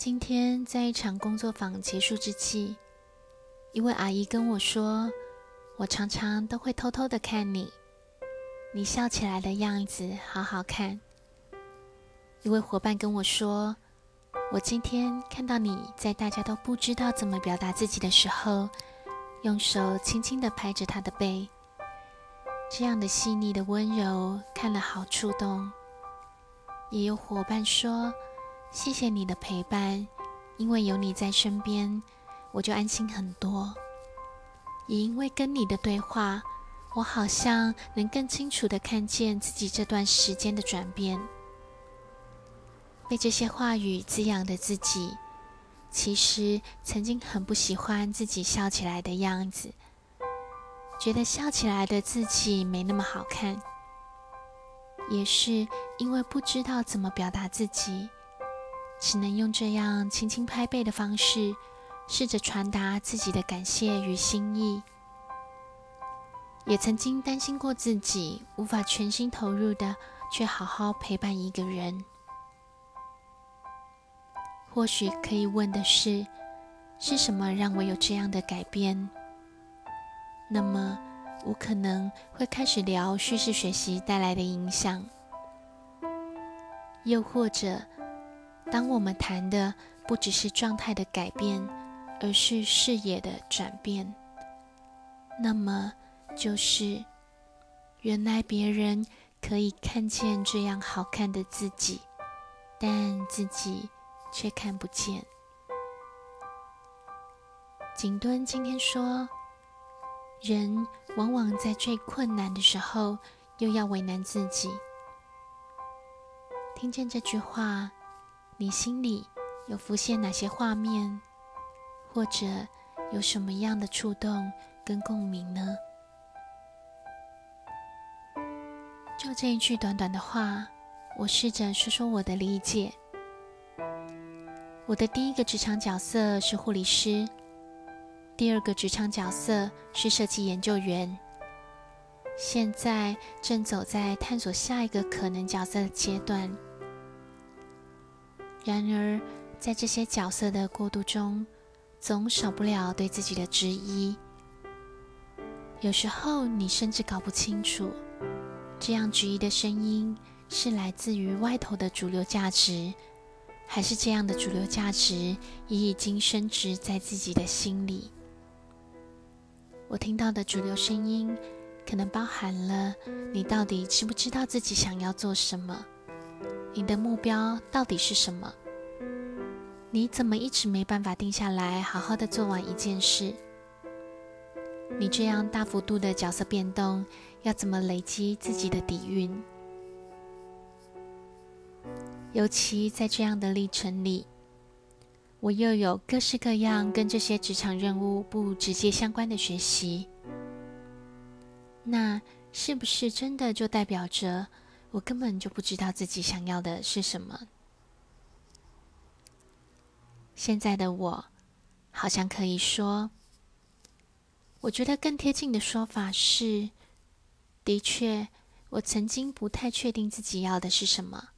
今天在一場工作坊結束之際，一位阿姨跟我說：“我常常都會偷偷的看你，你笑起來的樣子好好看。”一位夥伴跟我說：“我今天看到你在大家都不知道怎麼表達自己的時候，用手輕輕的拍着他的背，這樣的細膩的溫柔，看了好觸動。”也有夥伴說。謝謝你的陪伴，因為有你在身邊，我就安心很多。也因為跟你的對話，我好像能更清楚地看見自己這段時間的轉變。被這些話語滋養的自己，其實曾經很不喜歡自己笑起來的樣子，覺得笑起來的自己沒那麼好看。也是因為不知道怎麼表達自己。只能用這樣輕輕拍背的方式，試着傳達自己的感謝與心意。也曾經擔心過自己無法全心投入地，去好好陪伴一個人。或許可以問的是，是什麼讓我有這樣的改變？那麼，我可能會開始聊敘事學習帶來的影響，又或者。當我們談的不只是狀態的改變，而是視野的轉變，那麼就是原來別人可以看見這樣好看的自己，但自己卻看不見。景墩今天說，人往往在最困難的時候，又要為難自己。聽見這句話。你心裡有浮現哪些畫面，或者有什麼樣的觸動跟共鳴呢？就這一句短短的話，我試着說說我的理解。我的第一個職場角色是護理師，第二個職場角色是設計研究員。現在正走在探索下一個可能角色的階段。然而，在這些角色的過渡中，總少不了對自己的質疑。有時候，你甚至搞不清楚，這樣質疑的聲音是來自於外頭的主流價值，還是這樣的主流價值也已經深植在自己的心裡。我聽到的主流聲音，可能包含了你到底知不知道自己想要做什麼。你的目標到底是什麼？你怎麼一直沒辦法定下來，好好的做完一件事？你這樣大幅度的角色變動，要怎麼累積自己的底蘊？尤其在這樣的歷程裡，我又有各式各樣跟這些職場任務不直接相關的學習，那是不是真的就代表着？我根本就不知道自己想要的是什麼。現在的我，好像可以說，我覺得更貼近的說法是，的確，我曾經不太確定自己要的是什麼，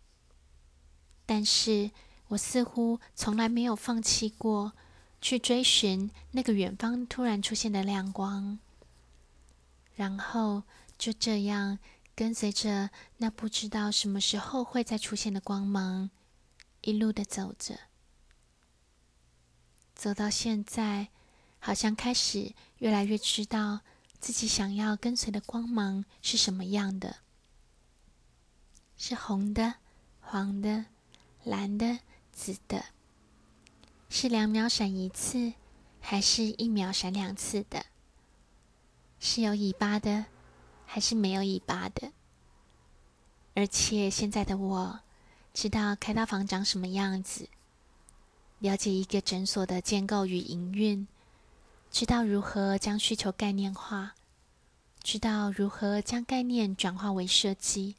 但是我似乎從來沒有放棄過去追尋那個遠方突然出現的亮光，然後就這樣。跟隨着那不知道什麼時候會再出現的光芒，一路的走着。走到現在，好像開始越來越知道自己想要跟隨的光芒是什麼樣的，是紅的、黃的、藍的、紫的，是兩秒閃一次，還是一秒閃兩次的？是有尾巴的。還是沒有尾巴的。而且現在的我知道開大房長什麼樣子，了解一個診所的建構與營運，知道如何將需求概念化，知道如何將概念轉化為設計，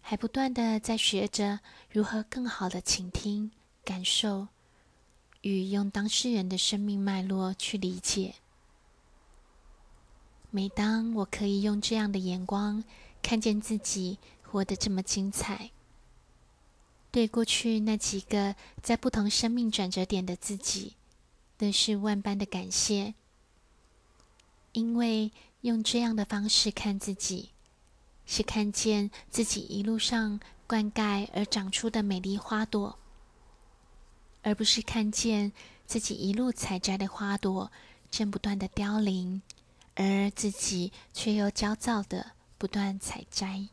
還不斷的在學着如何更好的傾聽、感受與用當事人的生命脈絡去理解。每當我可以用這樣的眼光看見自己活得這麼精彩，對過去那幾個在不同生命轉折點的自己，都是萬般的感謝。因為用這樣的方式看自己，是看見自己一路上灌溉而長出的美麗花朵，而不是看見自己一路採摘的花朵正不斷地凋零。而自己卻又焦躁地不斷採摘，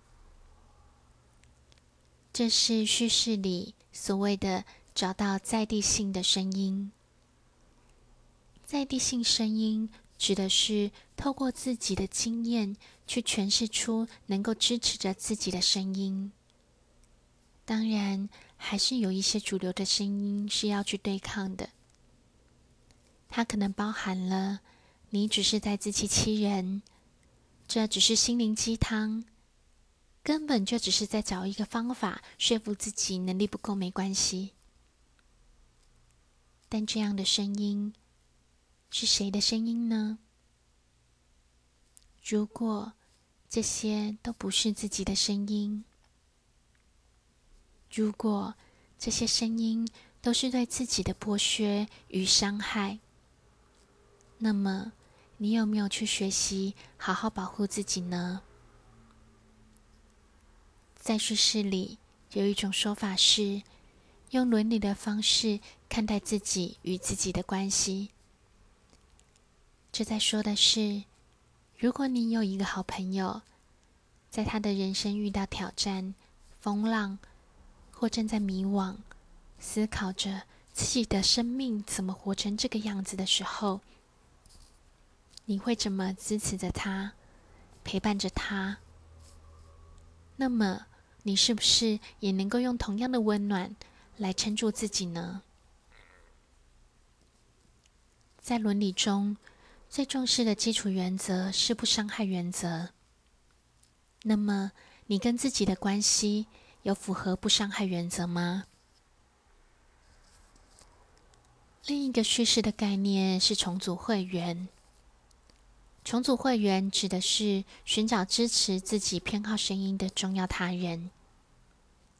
這是敘事裡所謂的找到在地性的聲音。在地性聲音指的是透過自己的經驗去詮釋出能夠支持着自己的聲音。當然，還是有一些主流的聲音是要去對抗的，它可能包含了。你只是在自欺欺人，這只是心靈雞湯，根本就只是在找一個方法說服自己能力不夠沒關係。但這樣的聲音是誰的聲音呢？如果這些都不是自己的聲音，如果這些聲音都是對自己的剝削與傷害，那麼。你有沒有去學習好好保護自己呢？在敘事裡，有一種說法是，用倫理的方式看待自己與自己的關係。這在說的是，如果你有一個好朋友，在他的人生遇到挑戰、風浪，或正在迷惘，思考着自己的生命怎麼活成這個樣子的時候。你會怎麼支持着他，陪伴着他？那麼，你是不是也能夠用同樣的溫暖來撐住自己呢？在倫理中，最重視的基礎原則是不傷害原則。那麼，你跟自己的關係有符合不傷害原則嗎？另一個敘事的概念是重組會員。重組會員指的是尋找支持自己偏好聲音的重要他人，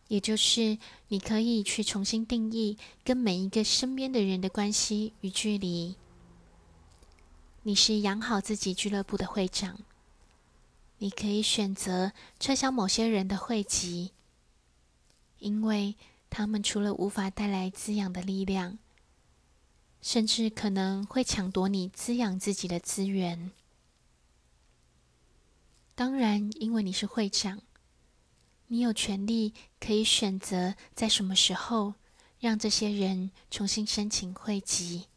也就是你可以去重新定義跟每一個身邊的人的關係與距離。你是養好自己俱樂部的會長，你可以選擇撤銷某些人的會籍，因為他們除了無法帶來滋養的力量，甚至可能會搶奪你滋養自己的資源。當然，因為你是會長，你有權利可以選擇在什麼時候讓這些人重新申請會籍。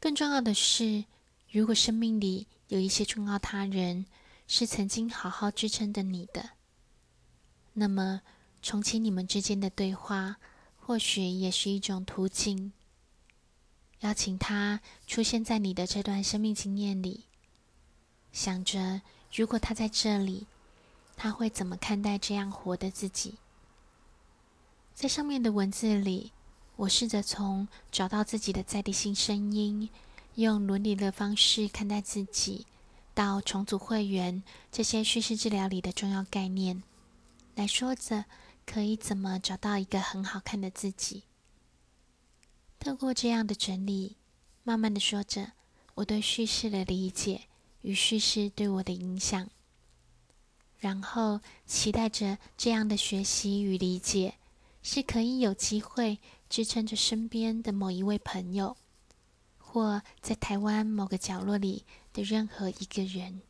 更重要的是，如果生命裡有一些重要他人是曾經好好支撐着你的，那麼重啟你們之間的對話，或許也是一種途徑，邀請他出現在你的這段生命經驗裡。想着，如果他在這裡，他會怎麼看待這樣活的自己？在上面的文字裡，我試着從找到自己的在地性聲音，用倫理的方式看待自己，到重組會員這些敘事治療裡的重要概念，來說着可以怎麼找到一個很好看的自己。透過這樣的整理，慢慢的說着我對敘事的理解。與敘事對我的影響，然後期待着這樣的學習與理解，是可以有機會支撐着身邊的某一位朋友，或在台灣某個角落裡的任何一個人。